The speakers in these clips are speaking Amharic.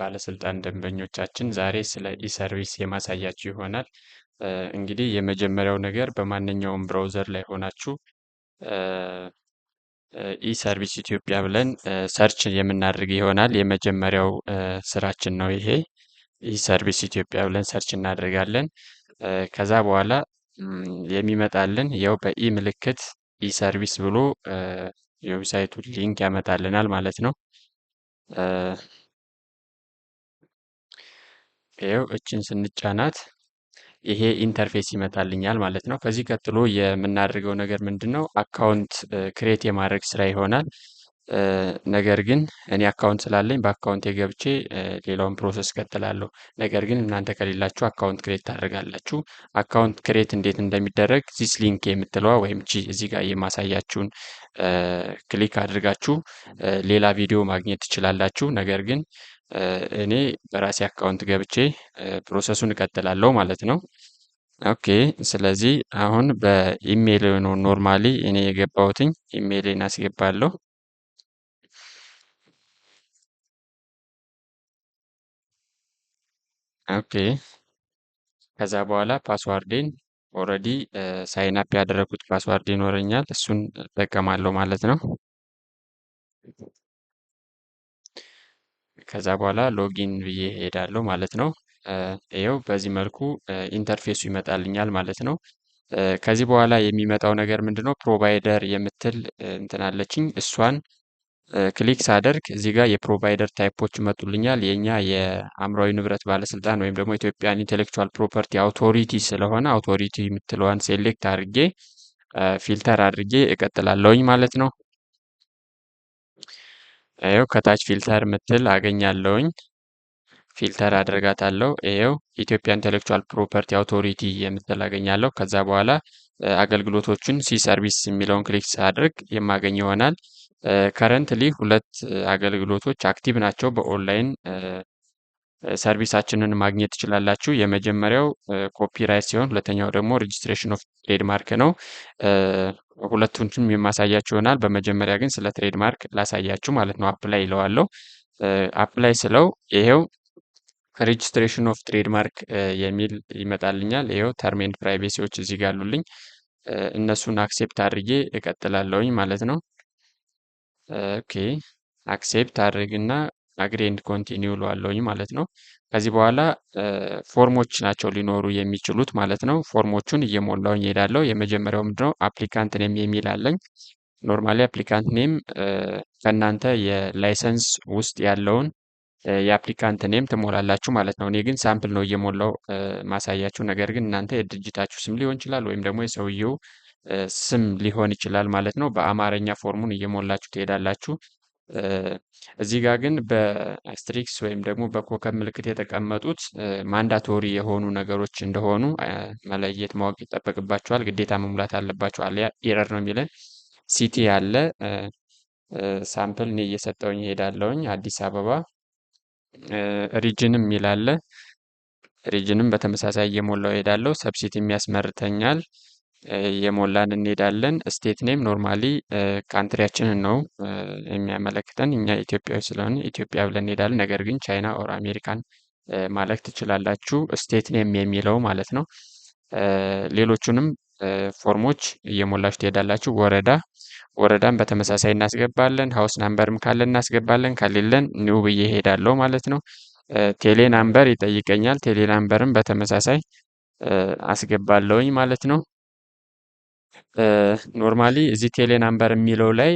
ባለስልጣን ደንበኞቻችን ዛሬ ስለ ኢሰርቪስ የማሳያችሁ ይሆናል። እንግዲህ የመጀመሪያው ነገር በማንኛውም ብራውዘር ላይ ሆናችሁ ኢሰርቪስ ኢትዮጵያ ብለን ሰርች የምናደርግ ይሆናል። የመጀመሪያው ስራችን ነው ይሄ ኢሰርቪስ ኢትዮጵያ ብለን ሰርች እናደርጋለን። ከዛ በኋላ የሚመጣልን ያው በኢ ምልክት ኢሰርቪስ ብሎ የዌብሳይቱን ሊንክ ያመጣልናል ማለት ነው። ይኸው እችን ስንጫናት ይሄ ኢንተርፌስ ይመጣልኛል ማለት ነው። ከዚህ ቀጥሎ የምናደርገው ነገር ምንድን ነው? አካውንት ክሬት የማድረግ ስራ ይሆናል። ነገር ግን እኔ አካውንት ስላለኝ በአካውንት የገብቼ ሌላውን ፕሮሰስ ቀጥላለሁ። ነገር ግን እናንተ ከሌላችሁ አካውንት ክሬት ታደርጋላችሁ። አካውንት ክሬት እንዴት እንደሚደረግ ዚስ ሊንክ የምትለዋ ወይም እዚህ ጋር የማሳያችሁን ክሊክ አድርጋችሁ ሌላ ቪዲዮ ማግኘት ትችላላችሁ። ነገር ግን እኔ በራሴ አካውንት ገብቼ ፕሮሰሱን እቀጥላለሁ ማለት ነው። ኦኬ ስለዚህ አሁን በኢሜል ነው ኖርማሊ እኔ የገባሁትኝ ኢሜይልን አስገባለሁ። ኦኬ ከዛ በኋላ ፓስዋርዴን ኦልሬዲ ሳይን አፕ ያደረኩት ፓስዋርድ ይኖረኛል እሱን እጠቀማለሁ ማለት ነው። ከዛ በኋላ ሎጊን ብዬ ሄዳለሁ ማለት ነው። ይኸው በዚህ መልኩ ኢንተርፌሱ ይመጣልኛል ማለት ነው። ከዚህ በኋላ የሚመጣው ነገር ምንድነው? ፕሮቫይደር የምትል እንትናለችኝ እሷን ክሊክ ሳደርግ እዚህ ጋር የፕሮቫይደር ታይፖች ይመጡልኛል። የእኛ የአእምሯዊ ንብረት ባለስልጣን ወይም ደግሞ ኢትዮጵያን ኢንቴሌክቹዋል ፕሮፐርቲ አውቶሪቲ ስለሆነ አውቶሪቲ የምትለዋን ሴሌክት አድርጌ ፊልተር አድርጌ እቀጥላለውኝ ማለት ነው። ይኸው ከታች ፊልተር ምትል አገኛለውኝ ፊልተር አደርጋታለሁ። ይኸው ኢትዮጵያ ኢንቴሌክቹዋል ፕሮፐርቲ አውቶሪቲ የምትል አገኛለሁ። ከዛ በኋላ አገልግሎቶቹን ሲ ሰርቪስ የሚለውን ክሊክ ሳድርግ የማገኝ ይሆናል። ከረንትሊ ሁለት አገልግሎቶች አክቲቭ ናቸው በኦንላይን ሰርቪሳችንን ማግኘት ትችላላችሁ። የመጀመሪያው ኮፒራይት ሲሆን ሁለተኛው ደግሞ ሬጅስትሬሽን ኦፍ ትሬድማርክ ነው። ሁለቱንም የማሳያችሁ ይሆናል። በመጀመሪያ ግን ስለ ትሬድማርክ ላሳያችሁ ማለት ነው። አፕላይ ይለዋለሁ። አፕላይ ስለው ይሄው ሬጅስትሬሽን ኦፍ ትሬድማርክ የሚል ይመጣልኛል። ይሄው ተርም ኤንድ ፕራይቬሲዎች እዚህ ጋር አሉልኝ። እነሱን አክሴፕት አድርጌ እቀጥላለሁኝ ማለት ነው። ኦኬ አክሴፕት አድርግና አግሬንድ ኮንቲኒው ለዋለውኝ ማለት ነው። ከዚህ በኋላ ፎርሞች ናቸው ሊኖሩ የሚችሉት ማለት ነው። ፎርሞቹን እየሞላውኝ ሄዳለው። የመጀመሪያው ምንድነው አፕሊካንት ኔም የሚል አለኝ። ኖርማሊ አፕሊካንት ኔም ከእናንተ የላይሰንስ ውስጥ ያለውን የአፕሊካንት ኔም ትሞላላችሁ ማለት ነው። እኔ ግን ሳምፕል ነው እየሞላው ማሳያችሁ። ነገር ግን እናንተ የድርጅታችሁ ስም ሊሆን ይችላል ወይም ደግሞ የሰውየው ስም ሊሆን ይችላል ማለት ነው። በአማርኛ ፎርሙን እየሞላችሁ ትሄዳላችሁ። እዚህ ጋር ግን በአስትሪክስ ወይም ደግሞ በኮከብ ምልክት የተቀመጡት ማንዳቶሪ የሆኑ ነገሮች እንደሆኑ መለየት ማወቅ ይጠበቅባቸዋል። ግዴታ መሙላት አለባቸዋል። ኢረር ነው የሚለን ሲቲ ያለ ሳምፕል እኔ እየሰጠውኝ ይሄዳለውኝ አዲስ አበባ ሪጅንም ይላለ ሪጅንም በተመሳሳይ እየሞላው ይሄዳለው ሰብሲቲ የሚያስመርተኛል። እየሞላን እንሄዳለን። ስቴት ኔም ኖርማሊ ካንትሪያችንን ነው የሚያመለክተን። እኛ ኢትዮጵያዊ ስለሆነ ኢትዮጵያ ብለን እንሄዳለን። ነገር ግን ቻይና ኦር አሜሪካን ማለክ ትችላላችሁ። ስቴት ኔም የሚለው ማለት ነው። ሌሎቹንም ፎርሞች እየሞላችሁ ትሄዳላችሁ። ወረዳ ወረዳን በተመሳሳይ እናስገባለን። ሀውስ ናምበርም ካለ እናስገባለን። ከሌለን ኒው ብዬ ሄዳለው ማለት ነው። ቴሌ ናምበር ይጠይቀኛል። ቴሌ ናምበርም በተመሳሳይ አስገባለሁኝ ማለት ነው። ኖርማሊ እዚህ ቴሌ ናምበር የሚለው ላይ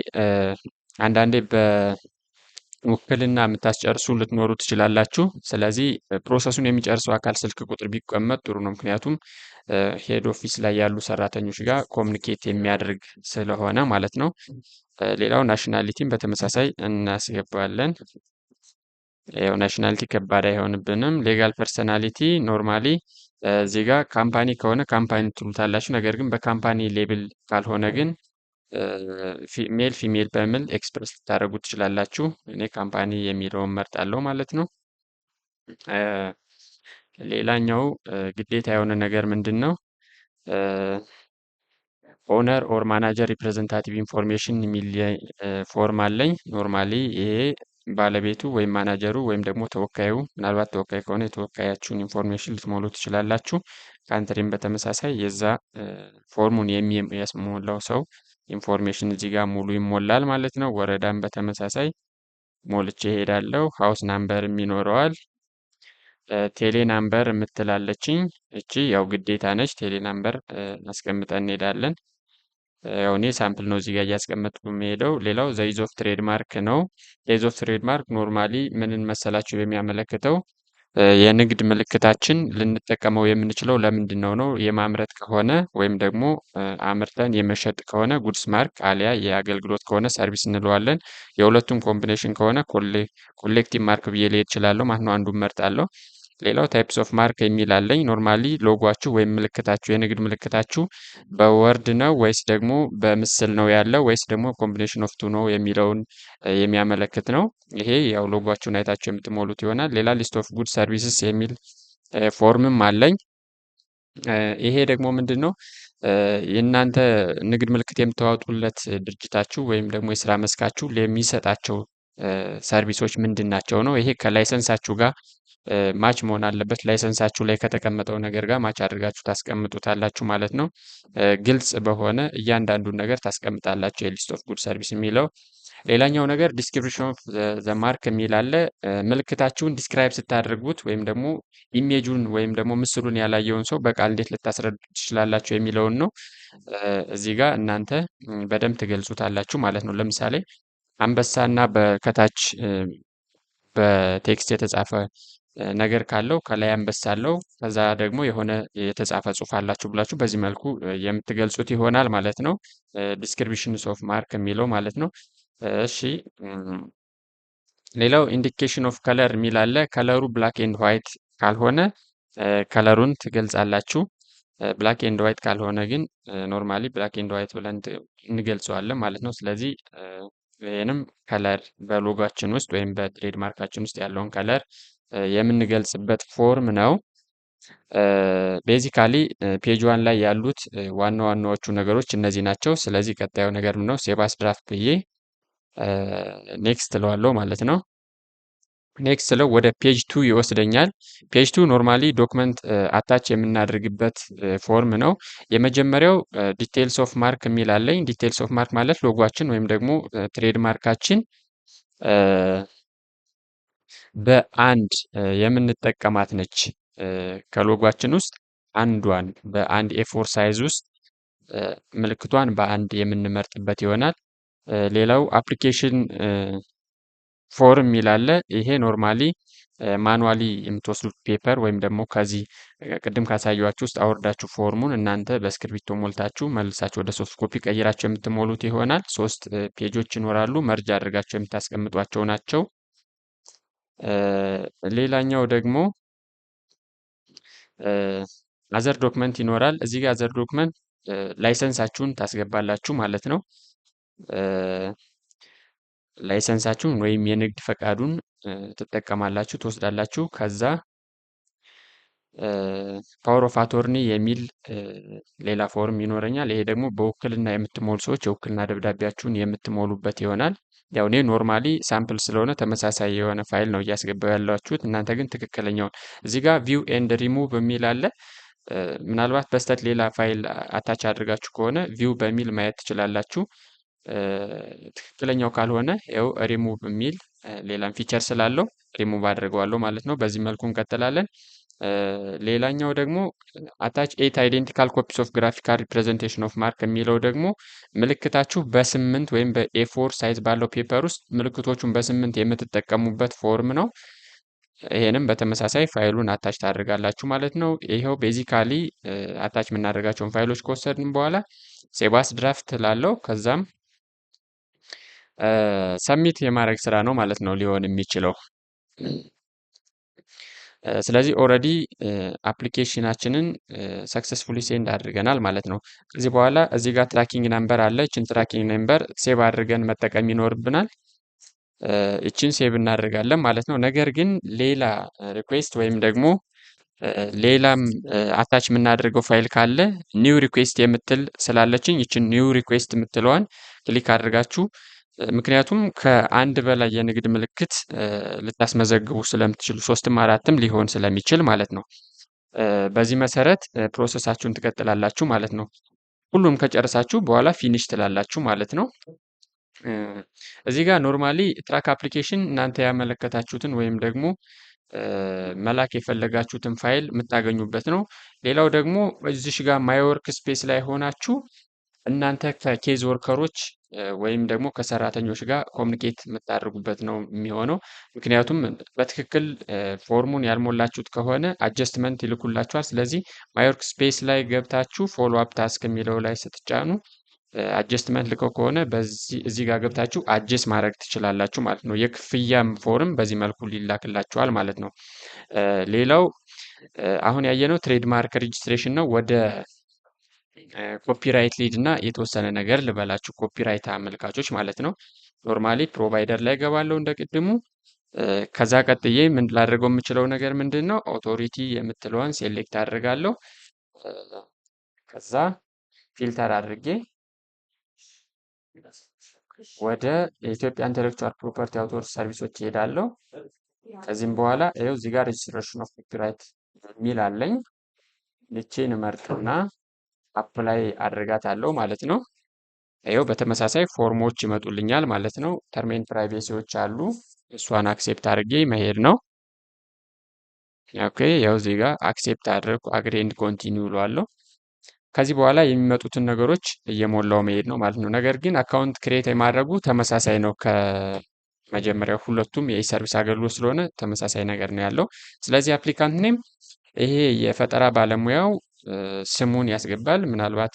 አንዳንዴ በውክልና የምታስጨርሱ ልትኖሩ ትችላላችሁ። ስለዚህ ፕሮሰሱን የሚጨርሰው አካል ስልክ ቁጥር ቢቀመጥ ጥሩ ነው። ምክንያቱም ሄድ ኦፊስ ላይ ያሉ ሰራተኞች ጋር ኮሚኒኬት የሚያደርግ ስለሆነ ማለት ነው። ሌላው ናሽናሊቲን በተመሳሳይ እናስገባለን። ናሽናሊቲ ከባድ አይሆንብንም። ሌጋል ፐርሰናሊቲ ኖርማሊ እዚህ ጋር ካምፓኒ ከሆነ ካምፓኒ ትሉታላችሁ። ነገር ግን በካምፓኒ ሌብል ካልሆነ ግን ሜል ፊሜል በሚል ኤክስፕረስ ልታደርጉ ትችላላችሁ። እኔ ካምፓኒ የሚለውን መርጣለሁ ማለት ነው። ሌላኛው ግዴታ የሆነ ነገር ምንድን ነው? ኦነር ኦር ማናጀር ሪፕሬዘንታቲቭ ኢንፎርሜሽን የሚል ፎርም አለኝ። ኖርማሊ ይሄ ባለቤቱ ወይም ማናጀሩ ወይም ደግሞ ተወካዩ ምናልባት ተወካይ ከሆነ የተወካያችሁን ኢንፎርሜሽን ልትሞሉ ትችላላችሁ። ካንትሪም በተመሳሳይ የዛ ፎርሙን የሚያስሞላው ሰው ኢንፎርሜሽን እዚህ ጋር ሙሉ ይሞላል ማለት ነው። ወረዳም በተመሳሳይ ሞልቼ ሄዳለው ሀውስ ናምበርም ይኖረዋል። ቴሌ ናምበር የምትላለችኝ እቺ ያው ግዴታ ነች። ቴሌ ናምበር አስቀምጠን እንሄዳለን። ያው እኔ ሳምፕል ነው እዚጋ ጋር እያስቀመጥኩ የሚሄደው። ሌላው ዘይዝ ኦፍ ትሬድ ማርክ ነው። ዘይዝ ኦፍ ትሬድ ማርክ ኖርማሊ ምንን መሰላችሁ የሚያመለክተው የንግድ ምልክታችን ልንጠቀመው የምንችለው ለምንድን ነው ነው የማምረት ከሆነ ወይም ደግሞ አምርተን የመሸጥ ከሆነ ጉድስ ማርክ አሊያ የአገልግሎት ከሆነ ሰርቪስ እንለዋለን። የሁለቱም ኮምቢኔሽን ከሆነ ኮሌክቲቭ ማርክ ብዬ ልሄድ እችላለሁ ማለት ነው። አንዱን መርጣለሁ። ሌላው ታይፕስ ኦፍ ማርክ የሚል አለኝ። ኖርማሊ ሎጓችሁ ወይም ምልክታችሁ የንግድ ምልክታችሁ በወርድ ነው ወይስ ደግሞ በምስል ነው ያለው ወይስ ደግሞ ኮምቢኔሽን ኦፍ ቱ ነው የሚለውን የሚያመለክት ነው። ይሄ ያው ሎጓችሁን አይታችሁ የምትሞሉት ይሆናል። ሌላ ሊስት ኦፍ ጉድ ሰርቪስስ የሚል ፎርምም አለኝ። ይሄ ደግሞ ምንድን ነው የእናንተ ንግድ ምልክት የምታወጡለት ድርጅታችሁ ወይም ደግሞ የስራ መስካችሁ ለሚሰጣቸው ሰርቪሶች ምንድን ናቸው ነው። ይሄ ከላይሰንሳችሁ ጋር ማች መሆን አለበት። ላይሰንሳችሁ ላይ ከተቀመጠው ነገር ጋር ማች አድርጋችሁ ታስቀምጡታላችሁ ማለት ነው። ግልጽ በሆነ እያንዳንዱን ነገር ታስቀምጣላችሁ። የሊስት ኦፍ ጉድ ሰርቪስ የሚለው ሌላኛው ነገር ዲስክሪፕሽን ኦፍ ዘ ማርክ የሚል አለ። ምልክታችሁን ዲስክራይብ ስታደርጉት ወይም ደግሞ ኢሜጁን ወይም ደግሞ ምስሉን ያላየውን ሰው በቃል እንዴት ልታስረዱ ትችላላችሁ የሚለውን ነው። እዚህ ጋር እናንተ በደንብ ትገልጹታላችሁ ማለት ነው። ለምሳሌ አንበሳና በከታች በቴክስት የተጻፈ ነገር ካለው ከላይ አንበሳ አለው ከዛ ደግሞ የሆነ የተጻፈ ጽሁፍ አላችሁ ብላችሁ በዚህ መልኩ የምትገልጹት ይሆናል ማለት ነው። ዲስክሪፕሽንስ ኦፍ ማርክ የሚለው ማለት ነው። እሺ ሌላው ኢንዲኬሽን ኦፍ ከለር የሚል አለ። ከለሩ ብላክ ኤንድ ዋይት ካልሆነ ከለሩን ትገልጻላችሁ። ብላክ ኤንድ ዋይት ካልሆነ ግን ኖርማሊ ብላክ ኤንድ ዋይት ብለን እንገልጸዋለን ማለት ነው። ስለዚህ ይህንም ከለር በሎጋችን ውስጥ ወይም በትሬድ ማርካችን ውስጥ ያለውን ከለር የምንገልጽበት ፎርም ነው። ቤዚካሊ ፔጅ ዋን ላይ ያሉት ዋና ዋናዎቹ ነገሮች እነዚህ ናቸው። ስለዚህ ቀጣዩ ነገር ምነው ሴባስ ድራፍት ብዬ ኔክስት እለዋለሁ ማለት ነው። ኔክስት ስለው ወደ ፔጅ ቱ ይወስደኛል። ፔጅ ቱ ኖርማሊ ዶክመንት አታች የምናደርግበት ፎርም ነው። የመጀመሪያው ዲቴይልስ ኦፍ ማርክ የሚል አለኝ። ዲቴይልስ ኦፍ ማርክ ማለት ሎጓችን ወይም ደግሞ ትሬድ ማርካችን በአንድ የምንጠቀማት ነች። ከሎጓችን ውስጥ አንዷን በአንድ ኤፎር ሳይዝ ውስጥ ምልክቷን በአንድ የምንመርጥበት ይሆናል። ሌላው አፕሊኬሽን ፎርም ይላለ። ይሄ ኖርማሊ ማኑዋሊ የምትወስዱት ፔፐር ወይም ደግሞ ከዚህ ቅድም ካሳያችሁ ውስጥ አወርዳችሁ ፎርሙን እናንተ በእስክርቢቶ ሞልታችሁ መልሳችሁ ወደ ሶፍት ኮፒ ቀይራችሁ የምትሞሉት ይሆናል። ሶስት ፔጆች ይኖራሉ። መርጃ አድርጋቸው የምታስቀምጧቸው ናቸው። ሌላኛው ደግሞ አዘር ዶክመንት ይኖራል። እዚህ ጋር አዘር ዶክመንት ላይሰንሳችሁን ታስገባላችሁ ማለት ነው። ላይሰንሳችሁን ወይም የንግድ ፈቃዱን ትጠቀማላችሁ፣ ትወስዳላችሁ። ከዛ ፓወር ኦፍ አቶርኒ የሚል ሌላ ፎርም ይኖረኛል። ይሄ ደግሞ በውክልና የምትሞሉ ሰዎች የውክልና ደብዳቤያችሁን የምትሞሉበት ይሆናል። ያው እኔ ኖርማሊ ሳምፕል ስለሆነ ተመሳሳይ የሆነ ፋይል ነው እያስገባው ያላችሁት እናንተ ግን ትክክለኛውን እዚህ ጋር ቪው ኤንድ ሪሙቭ የሚል አለ። ምናልባት በስተት ሌላ ፋይል አታች አድርጋችሁ ከሆነ ቪው በሚል ማየት ትችላላችሁ። ትክክለኛው ካልሆነ ው ሪሙቭ የሚል ሌላም ፊቸር ስላለው ሪሙቭ አድርገዋለሁ ማለት ነው። በዚህ መልኩ እንቀጥላለን። ሌላኛው ደግሞ አታች ኤት አይዴንቲካል ኮፒስ ኦፍ ግራፊካል ሪፕሬዘንቴሽን ኦፍ ማርክ የሚለው ደግሞ ምልክታችሁ በስምንት ወይም በኤፎር ሳይዝ ባለው ፔፐር ውስጥ ምልክቶቹን በስምንት የምትጠቀሙበት ፎርም ነው። ይሄንም በተመሳሳይ ፋይሉን አታች ታደርጋላችሁ ማለት ነው። ይኸው ቤዚካሊ አታች የምናደርጋቸውን ፋይሎች ከወሰድን በኋላ ሴባስ ድራፍት ላለው ከዛም ሰሚት የማድረግ ስራ ነው ማለት ነው ሊሆን የሚችለው። ስለዚህ ኦልሬዲ አፕሊኬሽናችንን ሰክሰስፉሊ ሴንድ አድርገናል ማለት ነው። ከዚህ በኋላ እዚህ ጋር ትራኪንግ ነምበር አለ። ይችን ትራኪንግ ነምበር ሴቭ አድርገን መጠቀም ይኖርብናል። ይችን ሴቭ እናደርጋለን ማለት ነው። ነገር ግን ሌላ ሪኩዌስት ወይም ደግሞ ሌላም አታች የምናደርገው ፋይል ካለ ኒው ሪኩዌስት የምትል ስላለችኝ ይችን ኒው ሪኩዌስት የምትለዋን ክሊክ አድርጋችሁ ምክንያቱም ከአንድ በላይ የንግድ ምልክት ልታስመዘግቡ ስለምትችሉ ሶስትም አራትም ሊሆን ስለሚችል ማለት ነው። በዚህ መሰረት ፕሮሰሳችሁን ትቀጥላላችሁ ማለት ነው። ሁሉም ከጨረሳችሁ በኋላ ፊኒሽ ትላላችሁ ማለት ነው። እዚህ ጋር ኖርማሊ ትራክ አፕሊኬሽን እናንተ ያመለከታችሁትን ወይም ደግሞ መላክ የፈለጋችሁትን ፋይል የምታገኙበት ነው። ሌላው ደግሞ እዚሽ ጋር ማይወርክ ስፔስ ላይ ሆናችሁ እናንተ ከኬዝ ወርከሮች ወይም ደግሞ ከሰራተኞች ጋር ኮሚኒኬት የምታደርጉበት ነው የሚሆነው። ምክንያቱም በትክክል ፎርሙን ያልሞላችሁት ከሆነ አጀስትመንት ይልኩላችኋል። ስለዚህ ማይ ስፔስ ላይ ገብታችሁ ፎሎ አፕ ታስክ የሚለው ላይ ስትጫኑ አጀስትመንት ልከው ከሆነ እዚህ ጋር ገብታችሁ አጀስት ማድረግ ትችላላችሁ ማለት ነው። የክፍያም ፎርም በዚህ መልኩ ሊላክላችኋል ማለት ነው። ሌላው አሁን ያየነው ትሬድማርክ ሬጅስትሬሽን ነው። ወደ ኮፒራይት ሊድ እና የተወሰነ ነገር ልበላችሁ ኮፒራይት አመልካቾች ማለት ነው። ኖርማሊ ፕሮቫይደር ላይ ገባለው እንደ ቅድሙ። ከዛ ቀጥዬ ምን ላደርገው የምችለው ነገር ምንድን ነው ኦቶሪቲ የምትለዋን ሴሌክት አድርጋለሁ። ከዛ ፊልተር አድርጌ ወደ የኢትዮጵያ ኢንቴሌክቹዋል ፕሮፐርቲ አውቶሪቲ ሰርቪሶች ይሄዳለሁ። ከዚህም በኋላ ይኸው እዚህ ጋር ሬጅስትሬሽን ኦፍ ኮፒራይት የሚል አለኝ። ልቼን እመርጥና አፕላይ አድርጋታለሁ ማለት ነው። ይኸው በተመሳሳይ ፎርሞች ይመጡልኛል ማለት ነው። ተርሜን ፕራይቬሲዎች አሉ። እሷን አክሴፕት አድርጌ መሄድ ነው። ኦኬ ያው እዚህ ጋር አክሴፕት አድርግ አግሬንድ ኮንቲኒ ብሏለሁ። ከዚህ በኋላ የሚመጡትን ነገሮች እየሞላው መሄድ ነው ማለት ነው። ነገር ግን አካውንት ክሬት የማድረጉ ተመሳሳይ ነው ከመጀመሪያው ሁለቱም የሰርቪስ አገልግሎት ስለሆነ ተመሳሳይ ነገር ነው ያለው። ስለዚህ አፕሊካንት ኔም ይሄ የፈጠራ ባለሙያው ስሙን ያስገባል። ምናልባት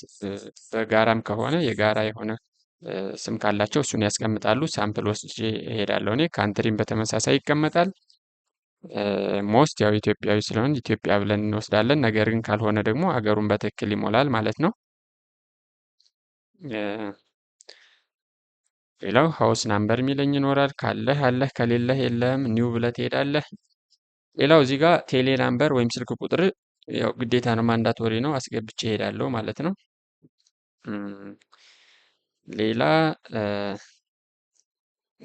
በጋራም ከሆነ የጋራ የሆነ ስም ካላቸው እሱን ያስቀምጣሉ። ሳምፕል ወስጄ እሄዳለሁ እኔ። ካንትሪም በተመሳሳይ ይቀመጣል። ሞስት ያው ኢትዮጵያዊ ስለሆን ኢትዮጵያ ብለን እንወስዳለን። ነገር ግን ካልሆነ ደግሞ አገሩን በትክክል ይሞላል ማለት ነው። ሌላው ሀውስ ናምበር የሚለኝ ይኖራል። ካለህ አለህ፣ ከሌለህ የለህም። ኒው ብለህ ትሄዳለህ። ሌላው እዚህ ጋር ቴሌ ናምበር ወይም ስልክ ቁጥር ያው ግዴታ ነው ማንዳቶሪ ነው አስገብቼ እሄዳለሁ ማለት ነው። ሌላ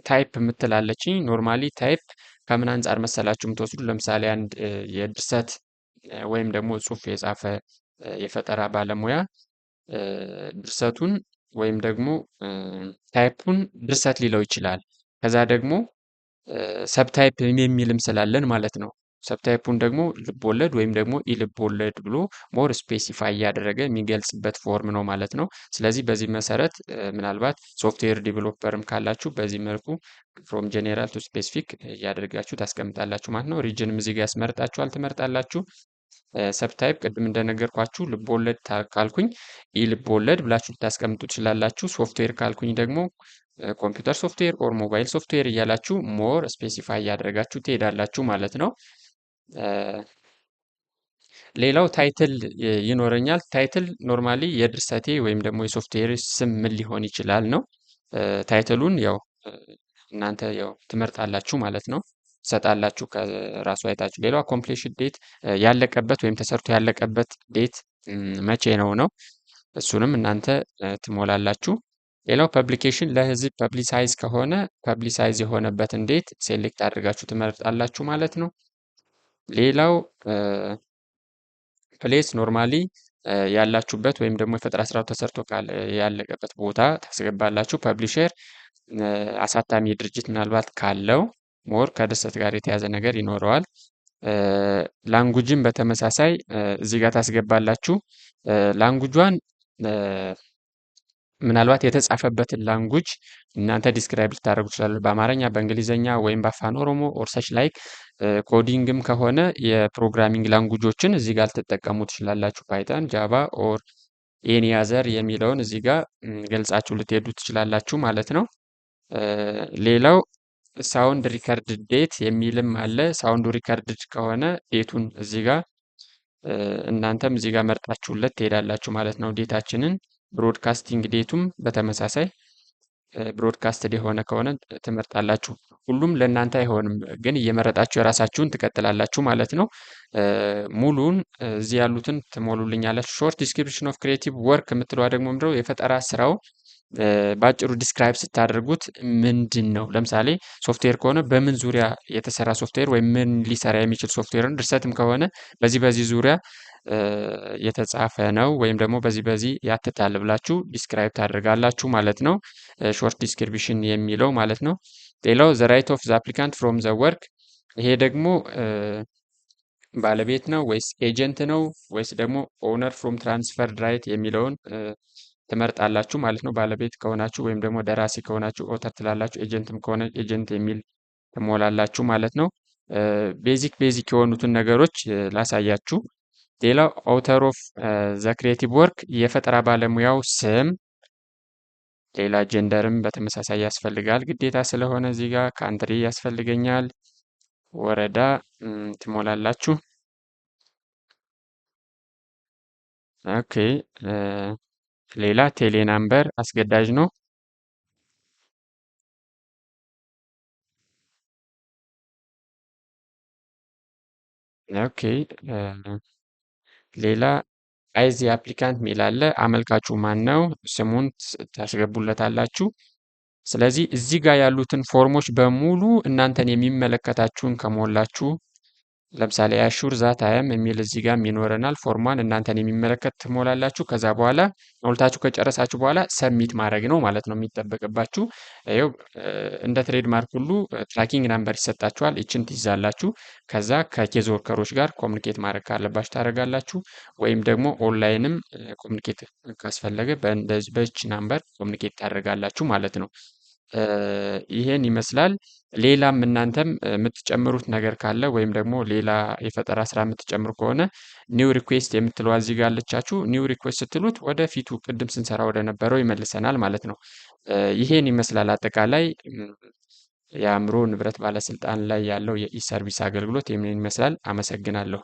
ታይፕ የምትላለችኝ ኖርማሊ ታይፕ ከምን አንጻር መሰላችሁ የምትወስዱ ለምሳሌ አንድ የድርሰት ወይም ደግሞ ጽሁፍ የጻፈ የፈጠራ ባለሙያ ድርሰቱን ወይም ደግሞ ታይፑን ድርሰት ሊለው ይችላል። ከዛ ደግሞ ሰብታይፕ የሚልም ስላለን ማለት ነው። ሰብታይፑን ደግሞ ልቦለድ ወይም ደግሞ ኢልቦለድ ብሎ ሞር ስፔሲፋይ እያደረገ የሚገልጽበት ፎርም ነው ማለት ነው። ስለዚህ በዚህ መሰረት ምናልባት ሶፍትዌር ዲቨሎፐርም ካላችሁ በዚህ መልኩ ፍሮም ጄኔራል ቱ ስፔሲፊክ እያደርጋችሁ ታስቀምጣላችሁ ማለት ነው። ሪጅንም እዚህ ጋር ያስመርጣችኋል ትመርጣላችሁ። ሰብታይፕ ቅድም እንደነገርኳችሁ ልቦለድ ካልኩኝ ኢልቦለድ ብላችሁ ልታስቀምጡ ትችላላችሁ። ሶፍትዌር ካልኩኝ ደግሞ ኮምፒውተር ሶፍትዌር ኦር ሞባይል ሶፍትዌር እያላችሁ ሞር ስፔሲፋይ እያደረጋችሁ ትሄዳላችሁ ማለት ነው። ሌላው ታይትል ይኖረኛል። ታይትል ኖርማሊ የድርሰቴ ወይም ደግሞ የሶፍትዌር ስም ምን ሊሆን ይችላል ነው። ታይትሉን ያው እናንተ ያው ትመርጣላችሁ ማለት ነው ትሰጣላችሁ ከራሱ አይታችሁ። ሌላው ኮምፕሌሽን ዴት ያለቀበት ወይም ተሰርቶ ያለቀበት ዴት መቼ ነው ነው እሱንም እናንተ ትሞላላችሁ። ሌላው ፐብሊኬሽን ለህዝብ ፐብሊሳይዝ ከሆነ ፐብሊሳይዝ የሆነበትን ዴት ሴሌክት አድርጋችሁ ትመርጣላችሁ ማለት ነው። ሌላው ፕሌስ ኖርማሊ ያላችሁበት ወይም ደግሞ የፈጠራ ስራው ተሰርቶ ያለቀበት ቦታ ታስገባላችሁ። ፐብሊሸር አሳታሚ ድርጅት ምናልባት ካለው ሞር ከደሰት ጋር የተያዘ ነገር ይኖረዋል። ላንጉጅን በተመሳሳይ እዚህ ጋር ታስገባላችሁ ላንጉጇን ምናልባት የተጻፈበትን ላንጉጅ እናንተ ዲስክራይብ ልታደረጉ ትችላላችሁ። በአማርኛ፣ በእንግሊዝኛ ወይም በአፋን ኦሮሞ ኦርሰች ላይክ ኮዲንግም ከሆነ የፕሮግራሚንግ ላንጉጆችን እዚህ ጋር ልትጠቀሙ ትችላላችሁ። ፓይተን፣ ጃቫ ኦር ኤኒያዘር የሚለውን እዚህ ጋር ገልጻችሁ ልትሄዱ ትችላላችሁ ማለት ነው። uh, ሌላው ሳውንድ ሪከርድ ዴት የሚልም አለ። ሳውንዱ ሪከርድ ከሆነ ዴቱን እዚህ ጋር uh, እናንተም እዚህ ጋር መርጣችሁለት ትሄዳላችሁ ማለት ነው ዴታችንን ብሮድካስቲንግ ዴቱም በተመሳሳይ ብሮድካስት የሆነ ከሆነ ትምህርት አላችሁ። ሁሉም ለእናንተ አይሆንም፣ ግን እየመረጣችሁ የራሳችሁን ትቀጥላላችሁ ማለት ነው። ሙሉን እዚህ ያሉትን ትሞሉልኛላችሁ። ሾርት ዲስክሪፕሽን ኦፍ ክሬቲቭ ወርክ የምትለዋ ደግሞ ምድረው የፈጠራ ስራው በአጭሩ ዲስክራይብ ስታደርጉት ምንድን ነው? ለምሳሌ ሶፍትዌር ከሆነ በምን ዙሪያ የተሰራ ሶፍትዌር ወይም ምን ሊሰራ የሚችል ሶፍትዌርን፣ ድርሰትም ከሆነ በዚህ በዚህ ዙሪያ የተጻፈ ነው ወይም ደግሞ በዚህ በዚህ ያትታል ብላችሁ ዲስክራይብ ታደርጋላችሁ ማለት ነው። ሾርት ዲስክሪፕሽን የሚለው ማለት ነው። ሌላው ዘ ራይት ኦፍ ዘ አፕሊካንት ፍሮም ዘ ወርክ ይሄ ደግሞ ባለቤት ነው ወይስ ኤጀንት ነው ወይስ ደግሞ ኦነር ፍሮም ትራንስፈር ራይት የሚለውን ትመርጣላችሁ ማለት ነው። ባለቤት ከሆናችሁ ወይም ደግሞ ደራሲ ከሆናችሁ ኦተር ትላላችሁ። ኤጀንትም ከሆነ ኤጀንት የሚል ትሞላላችሁ ማለት ነው። ቤዚክ ቤዚክ የሆኑትን ነገሮች ላሳያችሁ። ሌላው ኦውተር ኦፍ ዘ ክሬቲቭ ወርክ የፈጠራ ባለሙያው ስም፣ ሌላ ጀንደርም በተመሳሳይ ያስፈልጋል ግዴታ ስለሆነ እዚህ ጋር ካንትሪ ያስፈልገኛል። ወረዳ ትሞላላችሁ። ኦኬ ሌላ ቴሌ ናምበር አስገዳጅ ነው። ኦኬ ሌላ አይዚ አፕሊካንት ሚል አለ። አመልካቹ ማን ነው? ስሙን ታስገቡለታላችሁ። ስለዚህ እዚህ ጋር ያሉትን ፎርሞች በሙሉ እናንተን የሚመለከታችሁን ከሞላችሁ ለምሳሌ አሹር ዛት አያም የሚል እዚህ ጋም ይኖረናል። ፎርሟን እናንተን የሚመለከት ትሞላላችሁ። ከዛ በኋላ ሞልታችሁ ከጨረሳችሁ በኋላ ሰሚት ማድረግ ነው ማለት ነው የሚጠበቅባችሁ። ይኸው እንደ ትሬድማርክ ሁሉ ትራኪንግ ናምበር ይሰጣችኋል። ይችን ትይዛላችሁ። ከዛ ከኬዝ ወርከሮች ጋር ኮሚኒኬት ማድረግ ካለባችሁ ታደርጋላችሁ። ወይም ደግሞ ኦንላይንም ኮሚኒኬት ካስፈለገ በእንደዚህ በች ናምበር ኮሚኒኬት ታደርጋላችሁ ማለት ነው። ይሄን ይመስላል። ሌላም እናንተም የምትጨምሩት ነገር ካለ ወይም ደግሞ ሌላ የፈጠራ ስራ የምትጨምሩ ከሆነ ኒው ሪኩዌስት የምትለዋ እዚህ ጋር አለቻችሁ። ኒው ሪኩዌስት ስትሉት ወደፊቱ ቅድም ስንሰራ ወደነበረው ይመልሰናል ማለት ነው። ይሄን ይመስላል አጠቃላይ የአእምሮ ንብረት ባለስልጣን ላይ ያለው የኢ ሰርቪስ አገልግሎት ይህንን ይመስላል። አመሰግናለሁ።